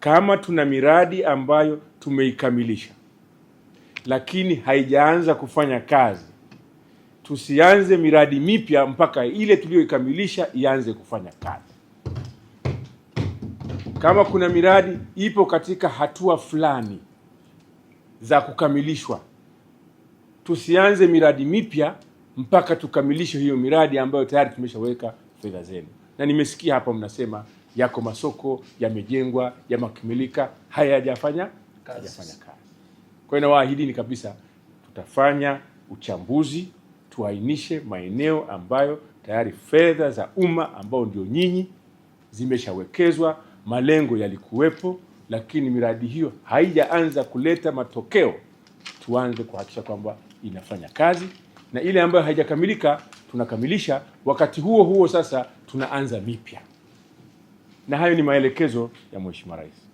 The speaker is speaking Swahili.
kama tuna miradi ambayo tumeikamilisha lakini haijaanza kufanya kazi, tusianze miradi mipya mpaka ile tuliyoikamilisha ianze kufanya kazi. Kama kuna miradi ipo katika hatua fulani za kukamilishwa, tusianze miradi mipya mpaka tukamilishe hiyo miradi ambayo tayari tumeshaweka fedha zenu. Na nimesikia hapa mnasema yako masoko yamejengwa, yamekamilika, hajafanya hajafanya kazi. Kwa hiyo nawaahidini kabisa, tutafanya uchambuzi, tuainishe maeneo ambayo tayari fedha za umma ambao ndio nyinyi zimeshawekezwa, malengo yalikuwepo, lakini miradi hiyo haijaanza kuleta matokeo. Tuanze kuhakikisha kwamba inafanya kazi, na ile ambayo haijakamilika tunakamilisha. Wakati huo huo sasa tunaanza mipya na hayo ni maelekezo ya Mheshimiwa Rais.